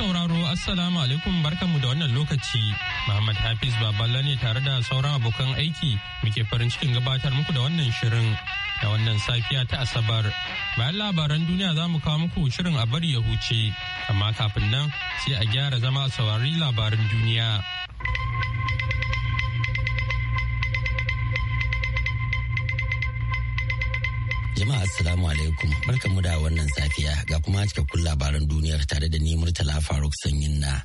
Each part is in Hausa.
sauraro Assalamu alaikum barkanmu da wannan lokaci. Muhammad Hafiz Baballa ne tare da sauran abokan aiki muke farin cikin gabatar muku da wannan shirin da wannan safiya ta Asabar. Bayan labaran duniya za mu kawo muku shirin a bari ya huce, amma kafin nan sai a gyara zama a saurari labaran duniya. Jama'a Assalamu alaikum barkamu da wannan safiya ga kuma cikakkun labaran duniyar tare da ni Murtala Faruk Sanyin na.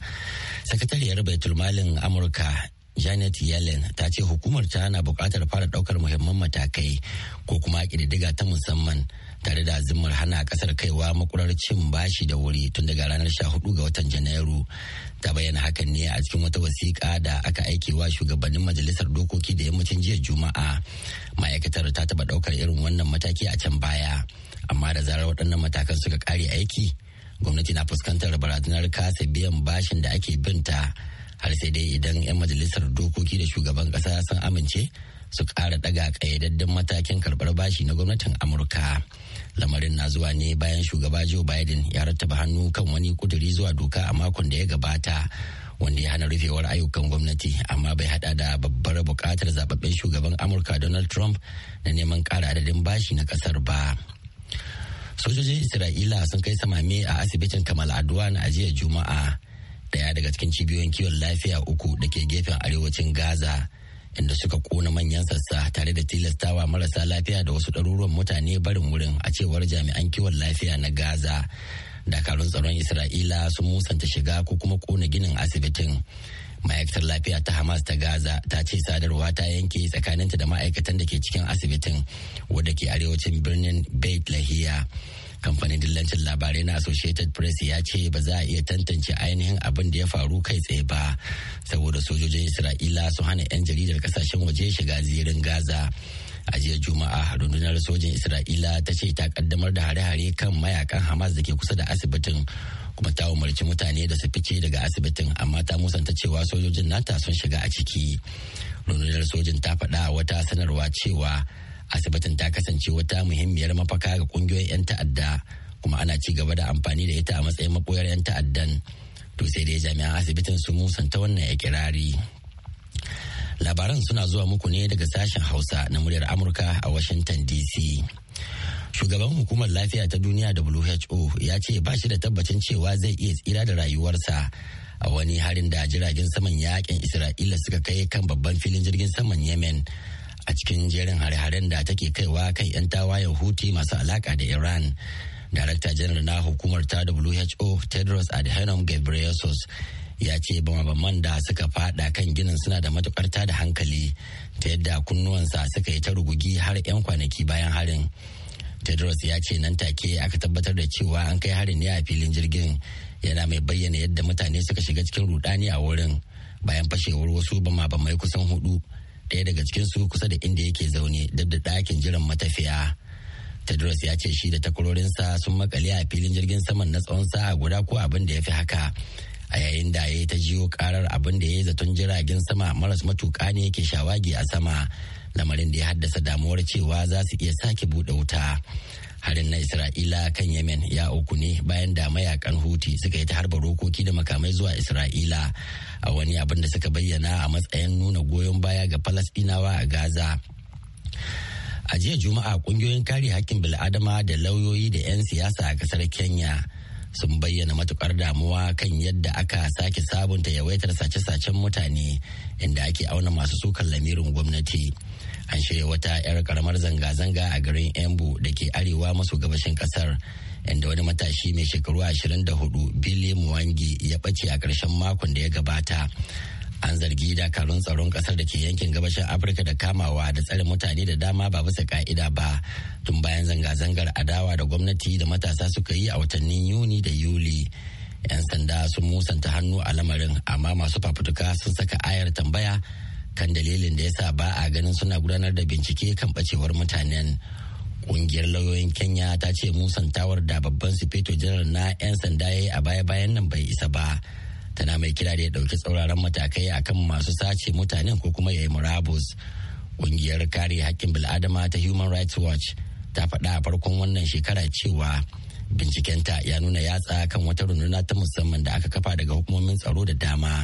Sakatariyar Baitul Malin Amurka Janet Yellen ta ce hukumar ta na bukatar fara daukar muhimman matakai ko kuma kididdiga ta musamman tare da azumar hana kasar kaiwa makurar cin bashi da wuri tun daga ranar 14 ga watan janairu ta bayyana hakan ne a cikin wata wasiƙa da aka aikewa shugabannin majalisar dokoki da yammacin jiya juma'a ma'aikatar ta taɓa ɗaukar irin wannan mataki a can baya amma da zarar waɗannan matakan suka ƙare aiki gwamnati na fuskantar barazanar kasa biyan bashin da ake ta har sai dai idan 'yan majalisar dokoki da shugaban ƙasa sun amince su ƙara ɗaga ƙayyadaddun matakin karɓar bashi na gwamnatin amurka. lamarin na zuwa ne bayan shugaba joe biden ya rattaba hannu kan wani kuduri zuwa doka a makon da ya gabata wanda ya hana rufewar ayyukan gwamnati amma bai hada da babbar bukatar zababben shugaban amurka donald trump na neman kara adadin bashi na kasar ba sojojin isra'ila sun kai samame a asibitin kamal adwan a jiya juma'a daya daga cikin cibiyoyin kiwon lafiya uku da ke gefen arewacin gaza inda suka kona manyan sassa tare da tilastawa marasa lafiya da wasu ɗaruruwan mutane barin wurin a cewar jami'an kiwon lafiya na gaza dakarun tsaron isra'ila sun musanta shiga ko kuma kona ginin asibitin ma'aikatar lafiya ta hamas ta gaza ta ce sadarwa ta yanke tsakaninta da ma'aikatan da ke cikin asibitin wadda ke arewacin birnin beit lahiya kamfanin dillancin labarai na associated press ya ce ba za a iya tantance ainihin abin da ya faru kai tsaye ba saboda sojojin isra'ila su hana 'yan jaridar kasashen waje shiga zirin gaza a jiya juma'a rundunar sojin isra'ila ta ce ta kaddamar da hare-hare kan mayakan hamas da ke kusa da asibitin kuma ta umarci mutane da su fice daga asibitin amma ta musanta cewa sojojin nata sun shiga a ciki rundunar sojin ta faɗa wata sanarwa cewa asibitin ta kasance wata muhimmiyar mafaka ga kungiyoyin 'yan ta'adda kuma ana ci gaba da amfani da ita a matsayin makoyar 'yan ta'addan to sai dai jami'an asibitin sun musanta wannan ikirari labaran suna zuwa muku ne daga sashen hausa na muryar amurka a washington dc shugaban hukumar lafiya ta duniya who ya ce ba shi da tabbacin cewa zai iya tsira da rayuwarsa a wani harin da jiragen saman yakin isra'ila suka kai kan babban filin jirgin saman yemen a cikin jerin hare-haren da take kaiwa kan 'yan tawayen huti masu alaka da iran darakta janar na hukumar ta who tedros adhanom ghebreyesus ya ce bamabaman da suka fada kan ginin suna da matukar da hankali ta yadda kunnuwansa suka yi ta rugugi har 'yan kwanaki bayan harin tedros ya ce nan take aka tabbatar da cewa an kai harin ne a filin jirgin yana mai bayyana yadda mutane suka shiga cikin rudani a wurin bayan fashewar wasu bamabamai kusan hudu ɗaya daga cikin su kusa da inda yake zaune duk da ɗakin jiran matafiya tedros ya ce shi da takwarorinsa sun makale a filin jirgin saman na tsawon sa'a guda ko abin da ya fi haka a yayin da ya ta jiyo karar abin da ya yi zaton jiragen sama maras matuƙa ne yake shawagi a sama lamarin da ya haddasa damuwar cewa za su iya sake buɗe wuta harin na isra'ila kan yemen ya uku ne bayan da mayakan huti suka yi ta harba rokoki da makamai zuwa isra'ila a wani abin da suka bayyana a matsayin nuna goyon baya ga falastinawa a gaza a jiya juma'a kungiyoyin kare hakkin bil'adama da lauyoyi da 'yan siyasa a kasar kenya sun bayyana matukar damuwa kan yadda aka sake sabunta yawaitar sace-sacen mutane inda ake auna masu sukan lamirin gwamnati an shirya wata 'yar karamar zanga-zanga a garin embu da ke arewa maso gabashin kasar inda wani matashi mai shekaru 24 billy muwangi ya ɓace a ƙarshen makon da ya gabata an zargi dakarun tsaron kasar da ke yankin gabashin afirka da kamawa da tsarin mutane da dama ba bisa ka'ida ba tun bayan zanga-zangar adawa da gwamnati da matasa suka yi a watannin yuni da yuli 'yan sanda sun musanta hannu a lamarin amma masu fafutuka sun saka ayar tambaya kan dalilin da yasa ba a ganin suna gudanar da bincike kan bacewar mutanen kungiyar lauyoyin kenya ta ce musantawar da babban sufeto janar na 'yan sanda ya yi a baya-bayan nan bai isa ba tana mai kira da ya ɗauki tsauraran matakai akan masu sace mutanen ko kuma ya yi murabus kungiyar kare hakkin bil'adama ta human rights watch ta faɗa a farkon wannan shekara cewa bincikenta ya nuna yatsa kan wata runduna ta musamman da aka kafa daga hukumomin tsaro da dama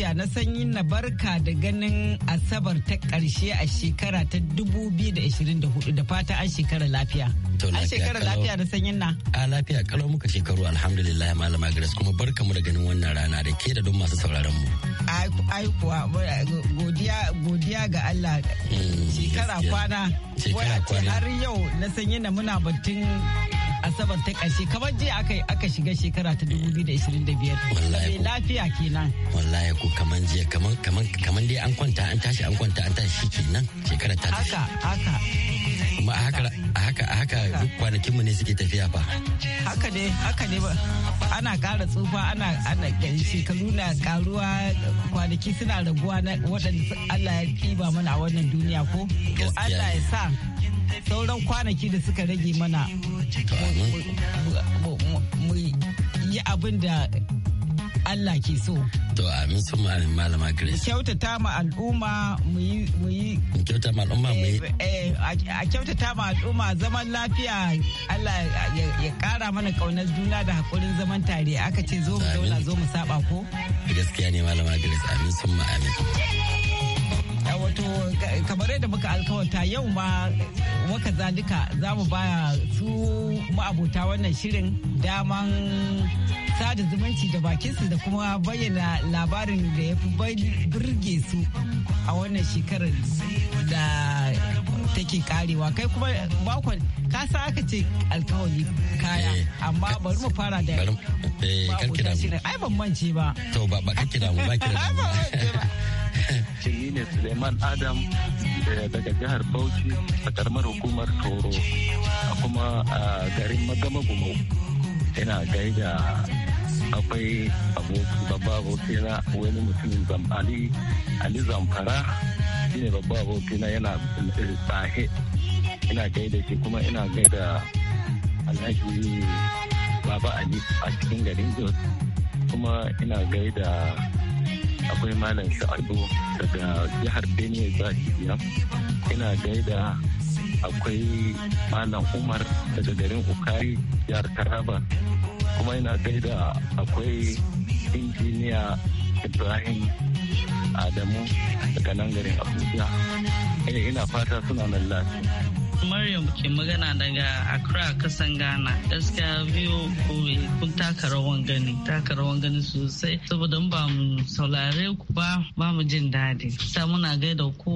lafiya na sanyin na barka da ganin asabar ta karshe a shekara ta 2024 da fata an shekara lafiya. An shekara lafiya da sanyin na? A lafiya kalau muka shekaru alhamdulillah malama Grace kuma barka mu da ganin wannan rana da ke da don masu sauraron mu. Ai kuwa godiya ga Allah mm, shekara kwana. Shekara kwana. Har yau na sanyi na muna batun asabar ta ƙarshe kamar jiya aka aka shiga shekara ta 2025 mai lafiya kenan wallahi ko kamar jiya kamar kamar kamar dai an kwanta an tashi an kwanta an tashi kenan shekara ta haka haka kuma a haka a haka a haka duk kwanakin mu ne suke tafiya fa haka ne haka ne ba ana ƙara tsufa ana ana shekaru na karuwa kwanaki suna raguwa na waɗanda Allah ya ɗiba mana a wannan duniya ko Allah ya sa sauran kwanaki da suka rage mana mu yi abin da Allah ke so. To amin su malama Grace. Kyautata ma al'umma mu yi. mu yi. Kyautata ma al'umma mu yi. Eh, eh A kyautata ma al'umma zaman lafiya Allah ya kara mana kaunar juna da hakurin zaman tare aka ce zo mu zauna zo mu saba ko. Gaskiya ne malama Grace amin sun ma amin. wato kamar yadda muka alkawarta yau ma waka zalika za mu baya su ma'abuta wannan shirin daman sada zumunci da bakinsu da kuma bayyana labarin da ya fi birge su a wannan shekarar da take karewa kai kuma bakon ka sa aka ce alkawari kaya eh, amma bari mu fara da eh, ai ban mance ba to ba ba kake damu ba kake damu shine suleiman adam eh, daga jihar bauchi a karamar hukumar toro a kuma a garin magamagumo yana gaida akwai babba abokina wani mutumin zamali ali zamfara shine babba abokina yana tsahe eh, ina gaida shi kuma ina gaida alhaji baba ali a cikin garin jos kuma ina gaida akwai malam sha'adu daga jihar benue zuwa ina gaida akwai malam umar daga garin ukari jihar taraba kuma ina gaida akwai injiniya ibrahim adamu daga nan garin abuja eh, ina fata suna nan lafiya Maryam ke magana daga Accra kasan Ghana. Gaskiya biyu kome kun taka rawan gani, taka rawan gani sosai. Saboda ba mu saulare ku ba, ba mu jin daɗi. Sa muna gaida ko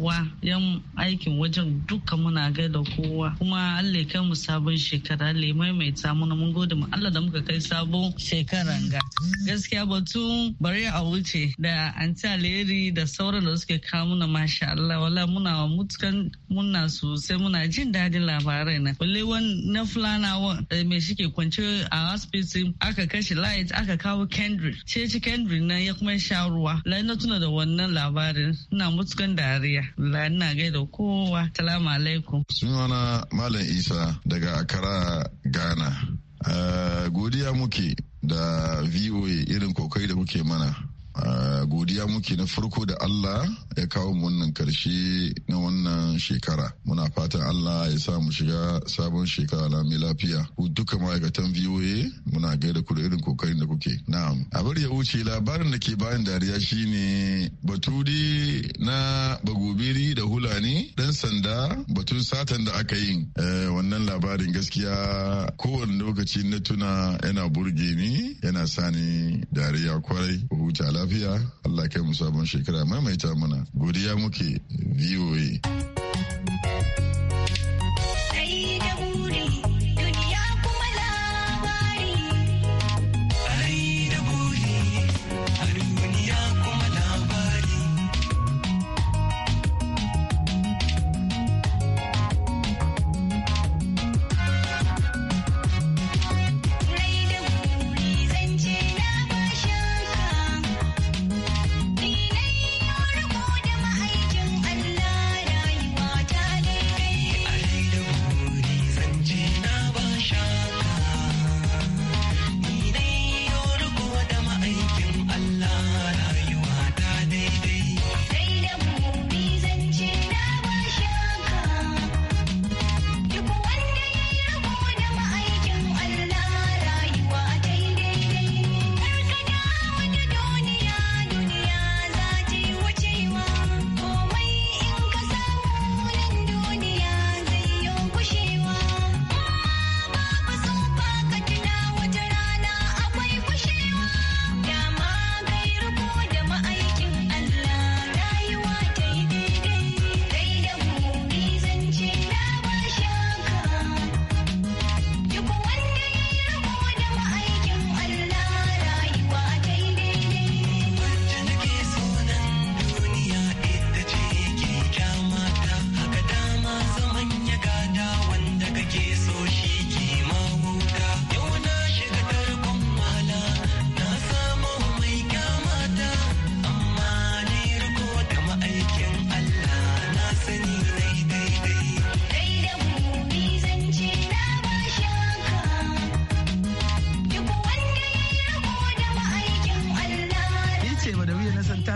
kowa yan aikin wajen duka muna da kowa kuma Allah kai mu sabon shekara Allah maimaita mana mun gode mu Allah da muka kai sabon shekara ga gaskiya batun bari a wuce da anti aleri da sauran da suke kawo muna masha Allah wala muna mutukan muna sosai muna jin dadin labarai na balle wani na fulana eh, mai shike kwance a hospital aka kashe light aka kawo kendrick ce ci kendrick na ya kuma sha ruwa lai na tuna da wannan labarin na mutukan dariya alhamdulillah ina gaida kowa salamu alaikum sunana malam isa daga akara ghana eh, godiya muke da voa irin kokai da kuke mana godiya muke na farko da Allah ya kawo mu wannan karshe na wannan shekara muna fatan Allah ya sa mu shiga sabon shekara na mai lafiya ku duka ma'aikatan VOA muna gaida ku da irin kokarin da kuke na'am a bari ya wuce labarin da ke bayan dariya shine baturi na bagobiri da hulani dan sanda batun satan da aka yi e, wannan labarin gaskiya kowane lokaci na tuna yana burge ni yana sani dariya kwarai huta lafiya lafiya Allah kai mu sabon shekara maimaita mana godiya muke VOA.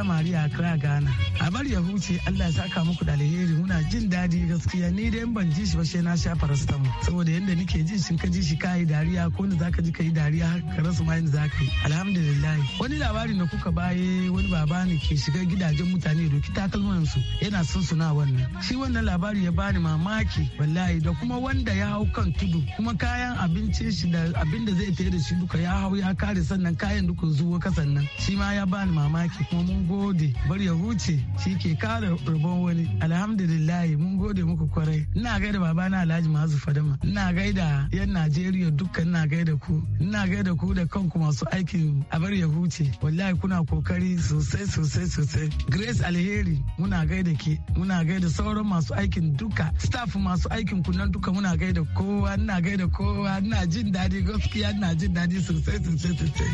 Maria accra ghana a ya huce Allah ya saka muku da alheri muna jin daɗi gaskiya ni dai ban ji shi ba sai na sha farastamol saboda yanda nake jin shi ka ji shi yi dariya ko da zaka ji yi dariya har ka rasa ma yanda zaka yi alhamdulillah wani labarin da kuka baye eh, wani baba ne ke shiga gidajen mutane doki takalman su yana son na wannan shi wannan labari ya bani mamaki wallahi da kuma wanda ya hau kan tudu kuma kayan abincin shi da abin da zai tayar da shi duka ya hau ya kare sannan kayan dukan zuwa kasan nan shi ma ya bani mamaki kuma mun gode bar ya huce shi ke kara rabon wani alhamdulillah mun gode muku kwarai ina gaida babana alhaji mazu fadama ina gaida yan najeriya duka ina gaida ku ina gaida ku da kanku masu aikin a bar ya huce wallahi kuna kokari sosai sosai sosai grace alheri muna gaida ke muna gaida sauran masu aikin duka staff masu aikin kunan duka muna gaida kowa ina gaida kowa ina jin daɗi gaskiya ina jin daɗi sosai sosai sosai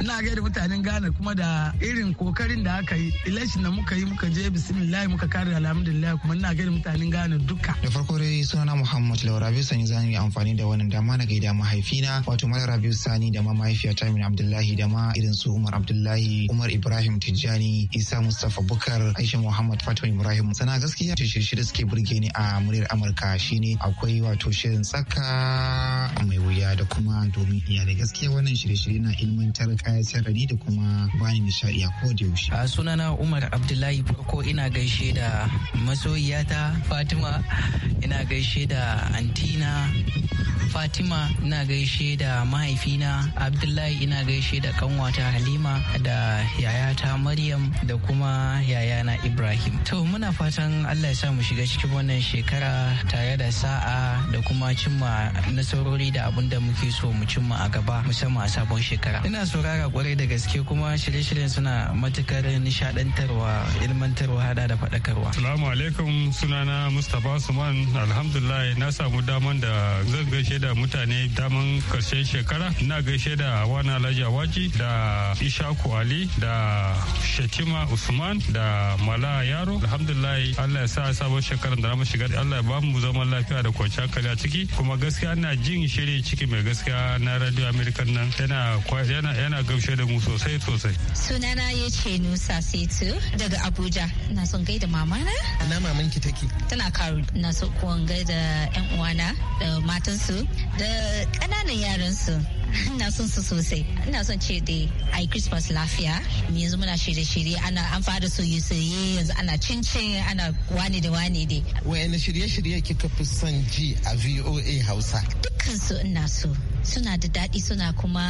ina gaida mutanen Ghana kuma da irin kokarin da aka yi election da muka yi muka je bismillah muka kare alhamdulillah kuma ina gaida mutanen Ghana duka da farko dai sunana Muhammad Laura Rabi Sani zan yi amfani da wannan dama na gaida mahaifina wato Malam rabiu Sani da ma mahaifiyata Abdullahi da ma irin su Umar Abdullahi Umar Ibrahim Tijjani Isa Mustafa Bukar Aisha Muhammad Fatima Ibrahim sana gaskiya shirye-shirye suke burge ni a muryar Amurka shine akwai wato shirin tsaka mai wuya da kuma domin iyali gaskiya wannan shirye-shirye na ilmantar kayan sarari da kuma bani nishaɗi a da yaushe. A sunana Umar Abdullahi farko ina gaishe da masoyiyata Fatima ina gaishe da antina Fatima ina gaishe da mahaifina Abdullahi ina gaishe da kanwata Halima da yayata Maryam da kuma yayana Ibrahim. To muna fatan Allah ya sa mu shiga cikin wannan shekara tare da sa'a da kuma cimma nasarori da abin da muke so mu cimma a gaba musamman a sabon shekara. Ina saurari. kara kwarai da gaske kuma shirye-shiryen suna matukar nishadantarwa ilmantarwa hada da faɗakarwa. Salamu alaikum sunana Mustapha Suman alhamdulillah na samu daman da zan gaishe da mutane daman karshen shekara na gaishe da wani alhaji awaji da Ishaku Ali da Shatima Usman da Mala Yaro alhamdulillah Allah ya sa sabon shekarar da na shiga Allah ya ba mu zaman lafiya da kwanciyar hankali a ciki kuma gaskiya ina jin shiri ciki mai gaskiya na Radio American nan yana yana gamshe da mu sosai sosai. Sunana ya ce Nusa Setu daga Abuja. Na son gaida mama na. Na maman ki take. Tana karu. Na so kuwan gaida yan uwana da matansu da ƙananan yaransu. ina son su sosai ina son ce dai ai christmas lafiya yanzu muna shirye-shirye ana an fara soye-soye yanzu ana cin-cin, ana wani da wani dai wayanne shirye-shirye kika fi son ji a voa hausa dukkan su ina so suna da daɗi suna kuma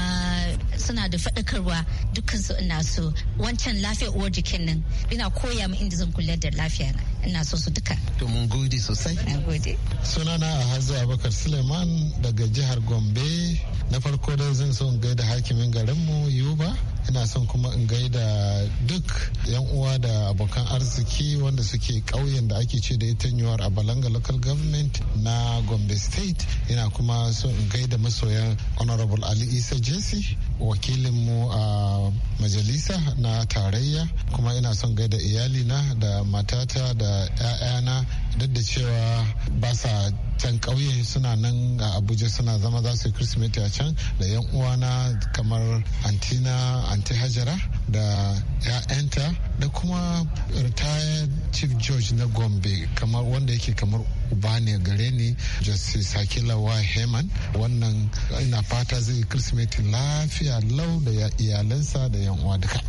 suna da faɗakarwa dukkan su ina so wancan lafiyar uwar jikin nan ina koya mu inda zan kula da lafiya na ina so su duka. To mun gode sosai. Mun gode. Sunana Hazu Abubakar Suleiman daga jihar Gombe na farko dai zan so in gaida hakimin garin mu Yuba ina son kuma in gaida duk yan uwa da abokan arziki wanda suke ƙauyen da ake ce da ita yuwar a balanga local government na gombe state ina kuma son in gaida masoyan honorable ali isa jesse wakilinmu a majalisa na tarayya kuma ina son gaida iyalina da matata da 'ya'yana duk da cewa ba sa can ƙauye suna nan a abuja suna zama za su yi kirsimeti a can da yan uwana kamar antina anti hajara da 'ya'yanta da kuma retired chief judge na gombe kamar wanda yake kamar uba ne gare ni justice hakila wa heman wannan ina fata zai kirsimeti lafiya lau da iyalansa da yan uwa duka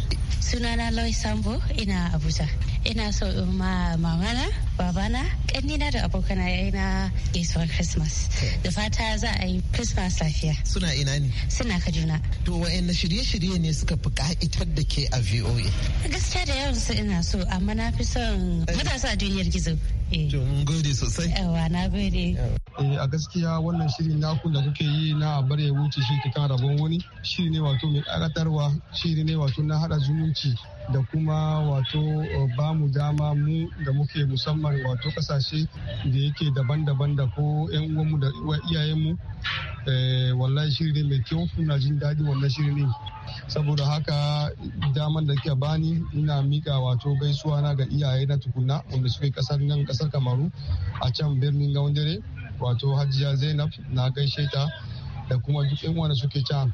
sunana loy sambo ina abuja ina so ma mamana babana kanina da abokana yana gaisuwar christmas da fata za a yi christmas lafiya suna ina ne suna kaduna to na shirye-shirye ne suka fi ka'itar da ke a voa gaskiya da yawan su ina so amma na fi son matasa duniyar gizo eh. mun gode sosai. Yawa na gode. Eh, a gaskiya wannan shiri kun da kuke yi na bar ya wuce shi kan rabon wani shiri ne wato mai karatarwa shiri ne wato na hada zumunci da kuma wato eh, ba mu dama mu da muke musamman wato kasashe da yake daban-daban da ko 'yan uwanmu da iyayenmu wallahi shiri ne mai kyau kuna jin daɗi wannan shiri ne saboda haka daman da ke bani ina mika wato gaisuwa na ga iyaye na tukuna wanda suke kasar nan kasar kamaru a can birnin gaundare wato hajiya zainab na gaishe ta da kuma duk yan wanda suke can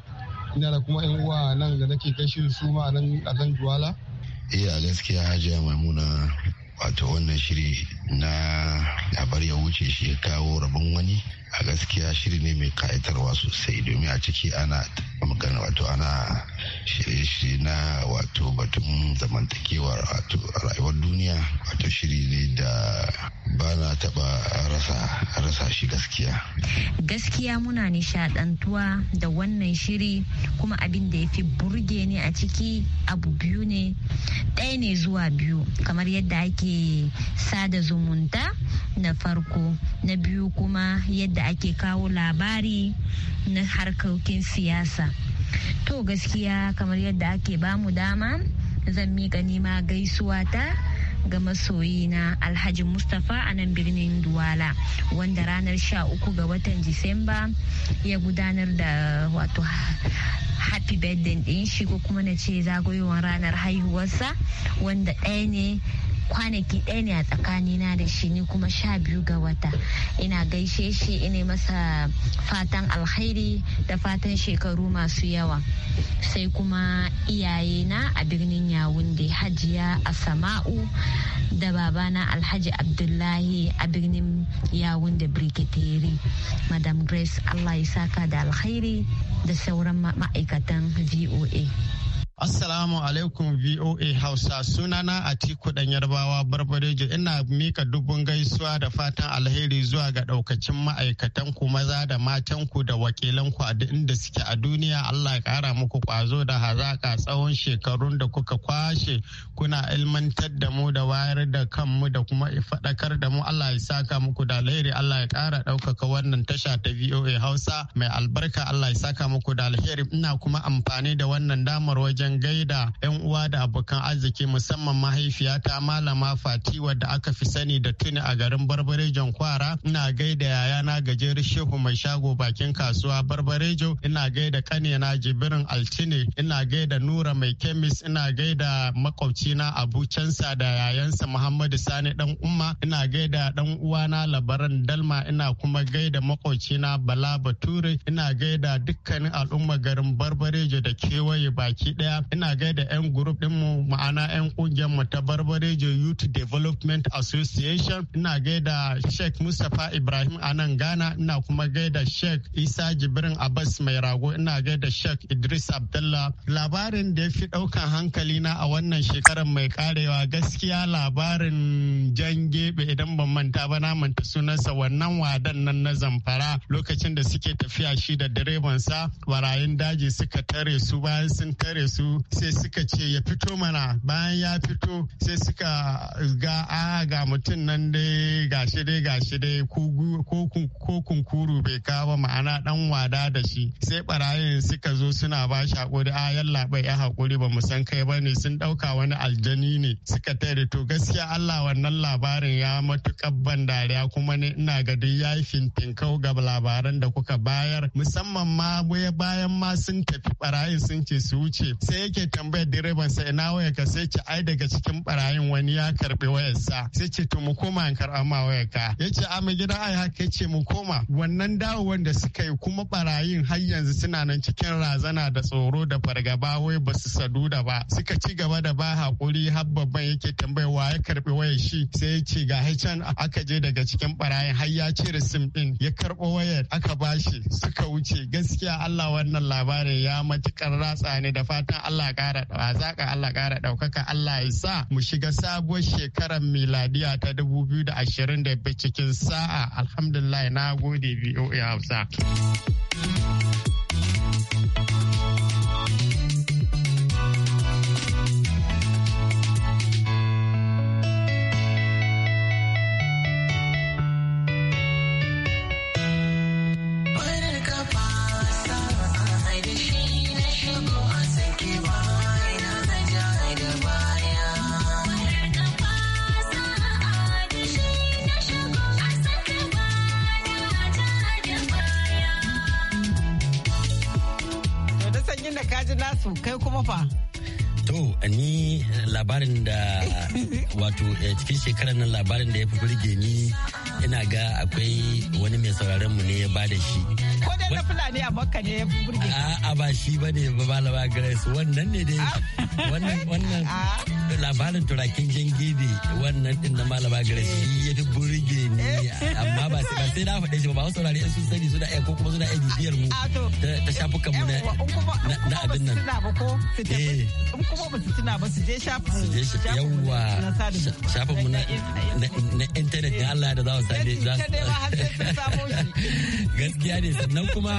ina da kuma yan uwa nan da nake gaishe su ma nan a nan duwala iya eh, gaskiya hajiya maimuna wato wannan shiri na abar ya wuce shi ya kawo rabon wani a gaskiya shiri ne mai kayatarwa sosai domin a ciki ana magana wato ana shirye-shirye na wato batun zamantakewar wato rayuwar duniya wato shiri ne da ba na taba rasa rasa shi gaskiya gaskiya muna nishadantuwa da wannan shiri kuma abin da ya fi burge ne a ciki abu biyu ne ɗaya ne zuwa biyu kamar yadda ake sada zuwa zumunta na farko na biyu kuma yadda ake kawo labari na harkokin siyasa to gaskiya kamar yadda ake bamu dama zan miƙa nima gaisuwa ta ga masoyina alhaji mustapha a nan birnin duwala wanda ranar sha uku ga watan disamba ya gudanar da wato happy birthday din shi ko kuma na ce zagoyowar ranar haihuwarsa wanda ɗaya ne kwanaki ɗaya ne a tsakanina da shi ni kuma sha biyu ga wata ina gaishe shi ina masa fatan alhairi da fatan shekaru masu yawa sai kuma iyaye na a birnin yawun da hajiya a sama'u da babana alhaji abdullahi a birnin yawun da briketeri madam grace allah ya saka da alhairi da sauran ma'aikatan voa Assalamu alaikum VOA Hausa sunana Atiku dan Yarbawa Barbarejo ina mika dubun gaisuwa da fatan alheri zuwa ga ɗaukacin ma'aikatan ku maza da matan ku da wakilan ku a inda suke a duniya Allah ya kara muku kwazo da hazaka tsawon shekarun da kuka kwashe kuna ilmantar da mu da wayar da kanmu da kuma faɗakar da mu Allah ya saka muku da alheri Allah ya kara ɗaukaka wannan tasha ta VOA Hausa mai albarka Allah ya saka muku da alheri ina kuma amfani da wannan damar wajen wajen gaida 'yan uwa da abokan arziki musamman mahaifiyata malama fati wadda aka fi sani da tuni a garin barbarejon kwara ina gaida yayana gajeru shehu mai shago bakin kasuwa barbarejo ina gaida kanina jibirin altine ina gaida nura mai kemis ina gaida makwabcina abu cansa da yayansa muhammadu sani dan umma ina gaida dan uwana labaran dalma ina kuma gaida makwabcina bala bature ina gaida dukkanin al'umma garin barbarejo da kewaye baki daya ina gaida 'yan grup mu. ma'ana 'yan kungiyar mu ta barbarejo youth development association ina gaida sheikh mustapha ibrahim a nan ghana ina kuma gaida sheikh isa jibrin abbas mai rago ina gaida sheikh idris abdullah labarin da ya fi ɗaukan hankali na a wannan shekarar mai karewa gaskiya labarin jan gebe idan ban manta ba na manta sunansa wannan wadan nan na zamfara lokacin da suke tafiya shi da direbansa barayin daji suka tare su bayan sun tare su su sai suka ce ya fito mana bayan ya fito sai suka ga a ga mutum nan dai gashi dai gashi dai ko kunkuru bai kawo ma'ana dan wada da shi sai barayin suka zo suna ba shi hakuri a yalla bai ya hakuri ba san kai ba ne sun dauka wani aljani ne suka tare to gaskiya Allah wannan labarin ya matukar ban dariya kuma ne ina ga duk yayi fintinkau ga labaran da kuka bayar musamman ma bayan ma sun tafi barayin sun ce su wuce sai yake tambayar direban sai na waya ka sai ce ai daga cikin barayin wani ya karbi wayar sa sai ce to mu koma an karba ma wayar ka yace a mai gida ai haka yace mu koma wannan dawowan da suka yi kuma barayin har yanzu suna nan cikin razana da tsoro da fargaba wai ba su sadu da ba suka ci gaba da ba hakuri har babban yake tambayar wa ya karbi wayar shi sai ya ce ga can aka je daga cikin barayin har ya cire sim din ya karbo wayar aka bashi suka wuce gaskiya Allah wannan labarin ya matukar ratsa ne da fatan Allah ƙara hazaka Allah kara ɗaukaka Allah ya sa mu shiga sabuwar shekarar miladiya ta 2025 cikin sa'a alhamdulillah na gode VOA Hausa. labarin da wato eh, cikin shekarar nan labarin da ya fi burge ni ina ga akwai wani mai sauraron mu ne ya da shi ko da na fulani a makka ne ya fi burge a ba shi ba ne ba laba grace wannan ne dai wannan wannan ah. labarin turakin jangidi wannan din na malaba grace shi ya fi burge amma ba sai na faɗe shi ba ba saurare su sani suna iya ko kuma suna iya bibiyar mu ta shafukan mu na abin nan eh. in kuma ba su tuna ba su je shafin su yawwa shafin mu na intanet na Allah da za su sani za gaskiya ne sannan kuma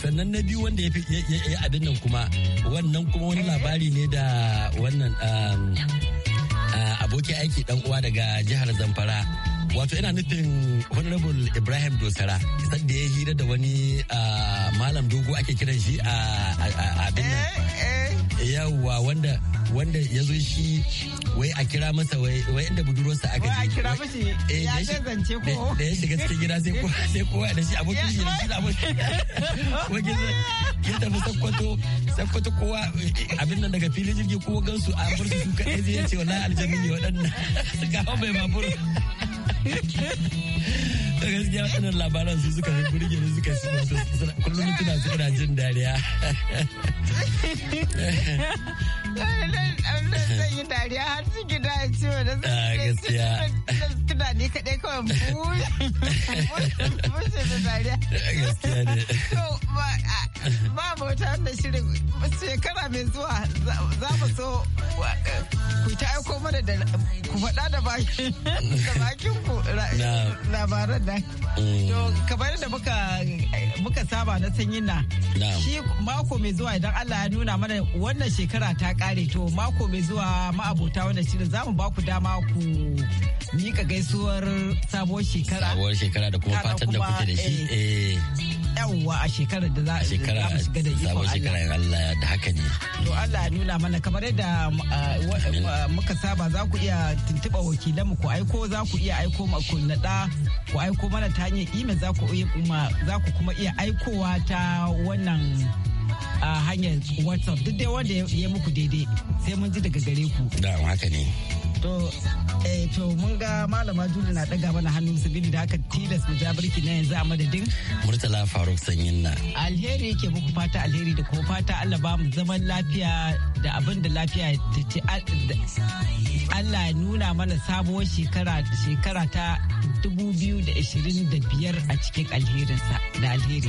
sannan na biyu wanda ya fi abin nan kuma wannan kuma wani labari ne da wannan um, uh, abokin aiki dan uwa daga jihar Zamfara wato ina nufin honorable ibrahim dosara kisan da ya hira da wani malam dogo ake kiran shi a abin nan eh, eh. yawwa wanda wanda ya zo shi wai a kira masa wai inda budurwarsa aka ji. Wai a kira mashi eh, ya ce zance ko. Da ya shiga cikin gida sai kowa sai kowa da shi abokin shi da shi da abokin. Wai ya tafi sakkwato sakkwato kowa abin nan daga filin jirgi kowa gansu a bar su su kaɗai zai ce wallahi aljanni ne waɗannan. Gawa mai babur. gaskiya waɗannan labaran su suka fi burge ni suka su kullum tuna su ina jin dariya zan yi dariya har su gida ya ce ah, gaskiya tuna ne kaɗai kawai bushe da dariya. Gaskiya ne. Ba mu wata wannan shirin shekara mai zuwa za mu so ku ta aiko mana da ku faɗa da bakin ku labaran nan. Mm. To kamar da muka saba na sanyi na. Shi mako mai zuwa idan Allah ya nuna mana wannan shekara ta kare to mako mai zuwa ma'abota wannan shirin za mu ba ku dama ku mika gaisuwa gaisuwar sabuwar shekara sabuwar shekara da kuma fatan da kuke da shi eh, eh yawwa a shekarar da za a shiga da ikon Allah. in Allah da haka ne. To Allah ya nuna mana kamar yadda eh, muka saba za ku iya tuntuɓa wakilan mu ku aiko za ku iya aiko ma ku naɗa ku aiko mana ta hanyar email za ku za ku kuma iya aikowa ta wannan hanyar WhatsApp duk dai wanda ya muku daidai sai mun ji daga gare ku. Da haka ne. Eh, to mun ga malama juri na daga mana hannu sabili da haka tilas mu jabirki na yanzu a madadin murtala faruk sanyin na alheri yake muku fata alheri da kuma fata allah ba mu zaman lafiya da abin da lafiya da ce allah nuna mana sabuwar shekara shekara ta 2025 a cikin alherinsa da alheri.